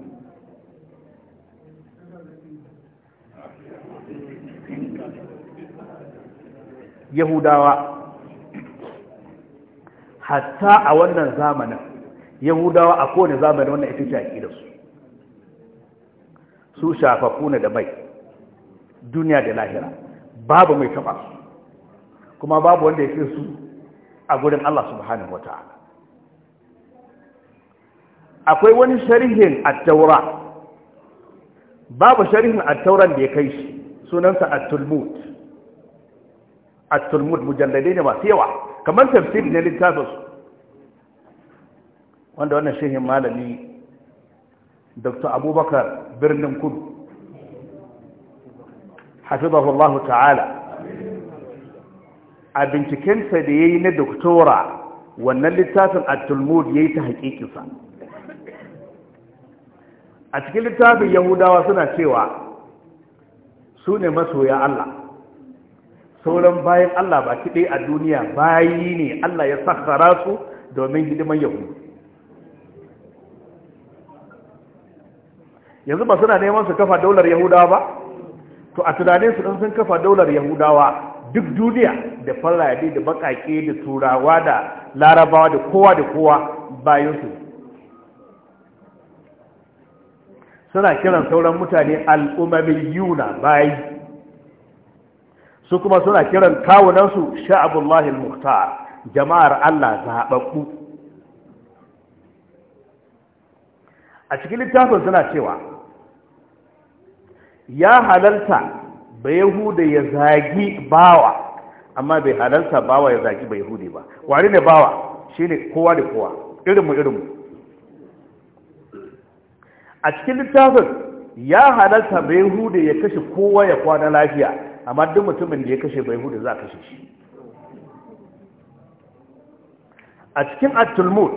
yahudawa hatta a wannan zamanin yahudawa a kowane zamanin wannan ita ce da su shafafu ne da mai duniya da lahira babu mai taɓa su kuma babu wanda ya fi su a gurin Allah subhanahu wa ta'ala akwai wani sharihin taura, babu sharihin tauran da ya kai shi sunansa a tulmut. a turmud mujalladai ne masu yawa kamar tafsir ne littafinsu wanda wannan shehin malami dr abubakar birnin kudu hafizahullahu ta'ala a bincikensa da ya na doktora wannan littafin a tulmud ya yi ta haƙiƙinsa a cikin littafin yahudawa suna cewa sune masoya Allah sauran bayan Allah ba kiɗe a duniya bayi ne Allah ya sakara su domin hidiman yahudu yanzu ba suna neman su kafa daular yahudawa ba to a tunanin su sun kafa daular yahudawa duk duniya da farade da bakake da turawa da larabawa da kowa da kowa bayan su suna kiran sauran mutane al'umamin yuna bayi su kuma suna kiran kawunansu sha'abullahi al-muhtar jama'ar Allah zaɓaɓɓu a cikin littafin suna cewa ya halarta ba yahuda ya zagi bawa amma bai halarta bawa ya zagi ba yahudi ba wari ne bawa shi ne kowa da kowa irinmu irinmu a cikin littafin ya halarta ba yahuda ya kashe kowa ya kwana lafiya amma duk mutumin da ya kashe bai hudu za a kashe shi a cikin atulmut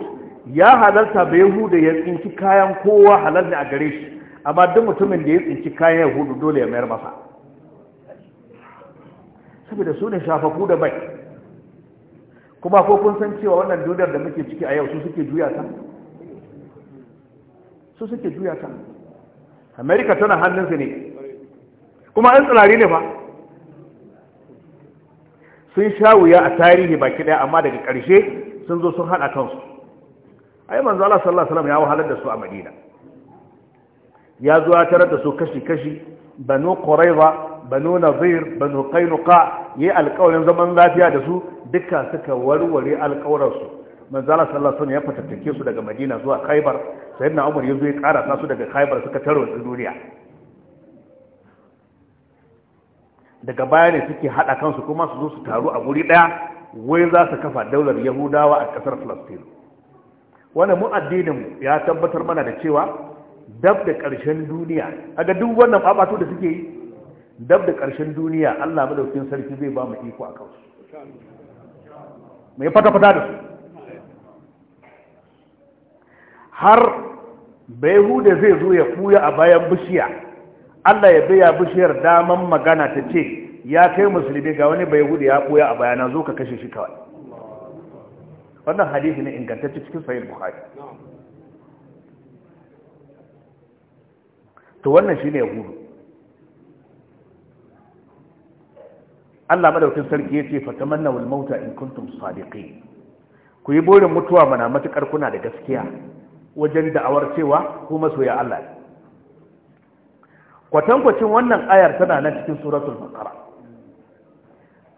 ya halarta bai hudu ya tsinci kayan kowa halar ne a gare shi amma duk mutumin da ya tsinci kayan ya hudu dole ya mayar masa saboda su ne shafafu da bai kuma ko kun san cewa wannan duniyar da muke ciki a yau su suke juya ta su suke juya ta amerika tana hannunsu ne kuma an tsirari ne ba sun sha wuya a tarihi baki daya amma daga ƙarshe sun zo sun haɗa kansu ai manzo Allah sallallahu alaihi wasallam ya wahalar da su a Madina ya zo ya tarar da su kashi kashi banu quraiza banu nadir banu qainuqa yi alƙawarin zaman lafiya da su duka suka warware alƙawarin su manzo Allah sallallahu alaihi wasallam ya fatattake su daga Madina zuwa Khaibar sayyidina Umar ya zo ya karasa su daga Khaibar suka tarwatsa duniya daga baya ne suke haɗa kansu kuma su zo su taru a guri ɗaya wai za su kafa daular yahudawa a ƙasar palestine Wani mu ya tabbatar mana da cewa dab da ƙarshen duniya a ga duk wannan ɓaɓato da suke yi dab da ƙarshen duniya allah madaukin sarki zai ba mu iko a kansu mai fata-fata da su har bai hude zai zo ya fuya a bayan bishiya Allah ya biya bishiyar daman magana ta ce ya kai musulmi ga wani bai hudu ya ɓoya a bayana zo ka kashe shi kawai wannan hadisi ne ingantacce cikin sahih bukhari to wannan shine gudu. Allah madaukin sarki yace fatamanna wal mauta in kuntum sadiqin ku yi burin mutuwa mana matukar kuna da gaskiya wajen da'awar cewa ku masoya Allah kwatankwacin wannan ayar tana nan cikin suratul baqara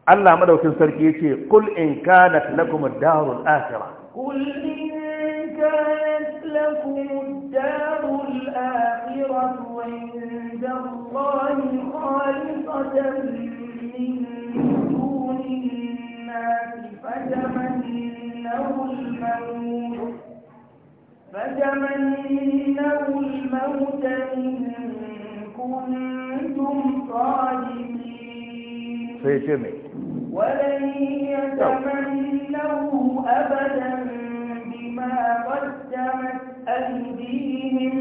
Allah madaukin sarki yace kul in kanat lakum ad-darul akhirah kul in kanat lakum ad-darul akhirah wa inda Allahi khalisatan min dunin nas fatamannahu al-maut fatamannahu al-maut كنتم صادقين سيتمي ولن يتمنوا أبدا بما قدمت أيديهم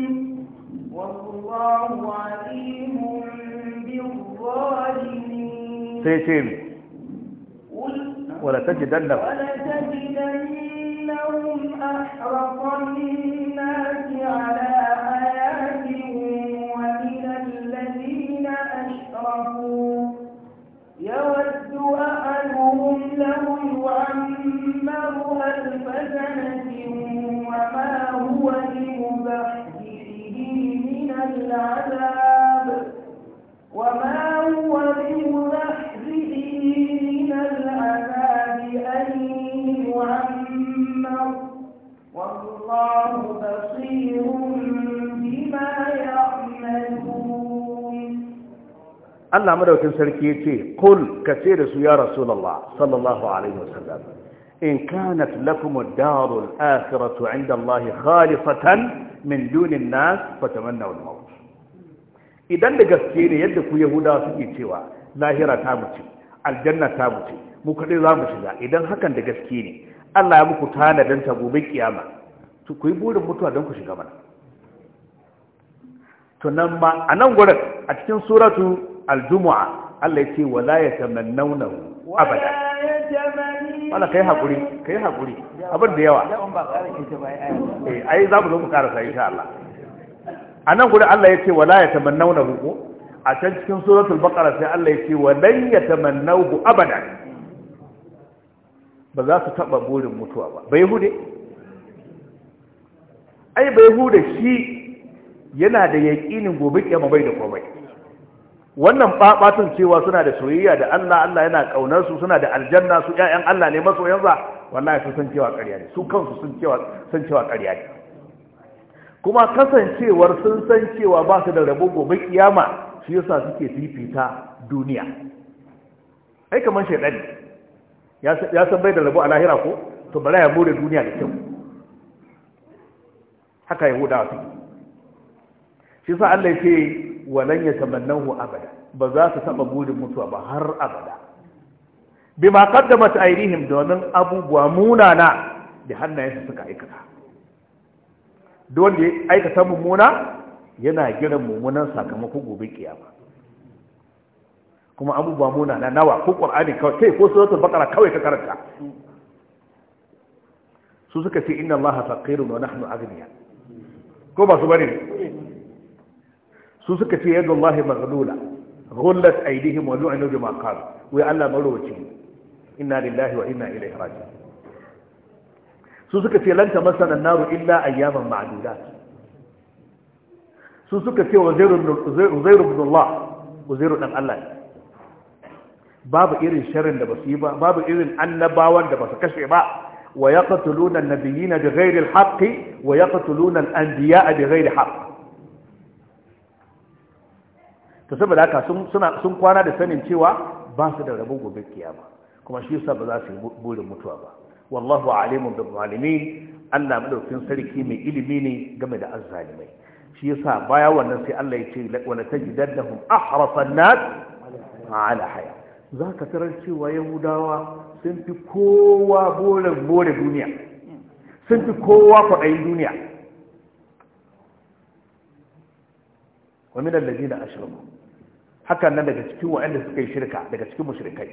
والله عليم بالظالمين سيتمي ولا ولتجدنهم ولا تجدنهم أحرق الناس على حياة الله الفزنة وما هو بمزحزحه من العذاب وما هو بمزحزحه من العذاب أن والله بصير بما يعملون Allah madaukin sarki ya "Kul ka ce da su ya Rasulallah, sallallahu Alaihi wasallam." إن كانت لكم الدار الآخرة عند الله خالصة من دون الناس فتمنوا الموت idan da gaske ne yadda ku Yahuda suke cewa lahira ta mutu aljanna ta mutu mu kadai za mu shiga idan hakan da gaske ne Allah ya muku tanadin ta gobe kiyama to ku yi burin mutuwa don ku shiga mana to nan ma a nan gurin a cikin suratu al Allah ya ce wala yatamannawna abada wala kai hakuri kai hakuri abin da yawa eh ai za mu zo mu karasa insha Allah anan gurin Allah yace wala yatamannawna hu a can cikin suratul baqara sai Allah yace walan yatamannahu abada ba za su taba burin mutuwa ba bai hude ai bai hude shi yana da yaqinin gobe kiyama bai da komai wannan babatun cewa suna da soyayya da Allah Allah yana kaunar su suna da aljanna su ƴaƴan Allah ne masoyansa wallahi su san cewa ƙarya ne su kansu sun cewa sun cewa ƙarya ne kuma kasancewar sun san cewa ba su da rabo gobe kiyama shi yasa suke fifita duniya ai kamar shedani ya san bai da rabo a lahira ko to bala ya more duniya da kyau haka yahudawa suke shi yasa Allah ya ce walan ya yatamannahu abada ba za su taba burin mutuwa ba har abada bima qaddamat aydihim domin abubuwa munana da hannayensu suka aikata don da ya aikata mummuna yana gina mummunan sakamako gobe kiyama kuma abubuwa munana nawa ko qur'ani kawai kai ko suratul baqara kawai ka karanta su suka ce inna allaha faqirun wa nahnu aghniya ko ba su ne. su suka ce yadda Allah maghlula ghullat aydihim wa lu'inu bima qalu wai Allah marowaci inna lillahi wa inna ilaihi raji'un su suka ce lanta masana naru illa ayyaman ma'dudat su suka ce uzairu ibn Allah uzairu dan Allah babu irin sharrin da basu yi ba babu irin annabawan da basu kashe ba wa yaqtuluna an-nabiyina bighayri al-haqqi wa yaqtuluna al-anbiya'a bighayri haqq to saboda haka sun kwana da sanin cewa ba su da rabon gobe kiyama kuma shi yasa ba za su yi burin mutuwa ba wallahu alimun bil zalimin Allah madaukin sarki mai ilimi ne game da azzalimai shi yasa baya wannan sai Allah ya ce wala tajidannahum ahrasan nas ala haya zaka tarar cewa yahudawa sun fi kowa boren bore duniya sun fi kowa kwaɗayin duniya wa min alladhina ashraku Hakan nan daga cikin waɗanda suka yi shirka daga cikin mushrikai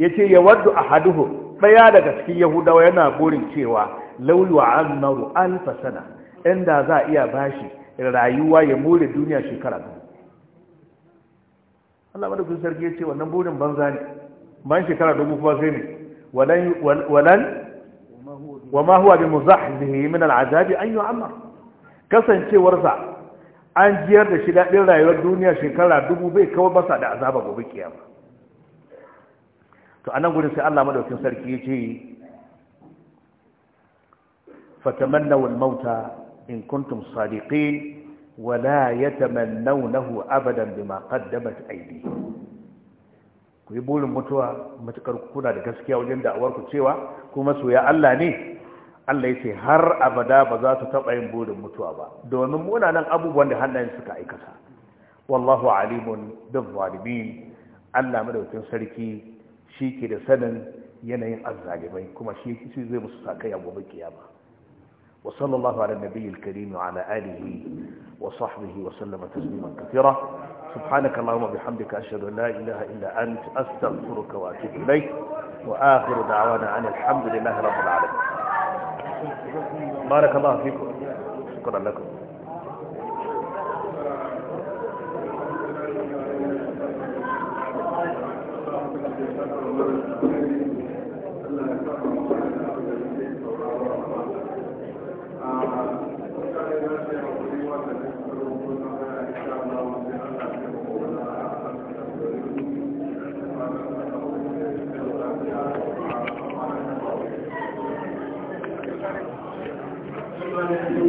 Ya ya ce yace yawaddu ahaduhu daya daga cikin yahudawa yana burin cewa lauluwa annaru alfa sana inda za a iya bashi rayuwa ya more duniya shekara dubu Allah madaukakin sarki ce wannan burin banza ne ban shekara dubu kuma sai ne walan walan wama huwa bi muzahzihi min al'azabi an yu'ammar kasancewarsa an jiyar da shi daɗin rayuwar duniya shekara dubu bai kawar basa da azaba gobe kiyama to anan gudun sai Allah madaukin sarki ya ce fatamannawul mauta in kuntum sadiqin wala yatamannawnahu abadan bima qaddamat aydi ku yi burin mutuwa matukar kuna da gaskiya wajen da'awar ku cewa kuma masoya Allah ne Allah yace har abada ba za su taba yin burin mutuwa ba domin munanan abubuwan da hannayen suka aikata wallahu alimun da zalimin Allah madaukin sarki shi ke da sanin yanayin azzalimai kuma shi shi zai musu sakai a gobe kiyama wa sallallahu ala nabiyil karim wa ala alihi wa sahbihi wa sallama tasliman kathira سبحانك اللهم وبحمدك أشهد أن لا إله إلا أنت أستغفرك وأتوب إليك وآخر دعوانا أن الحمد لله رب العالمين بارك الله فيكم شكرا لكم Thank you. Amen.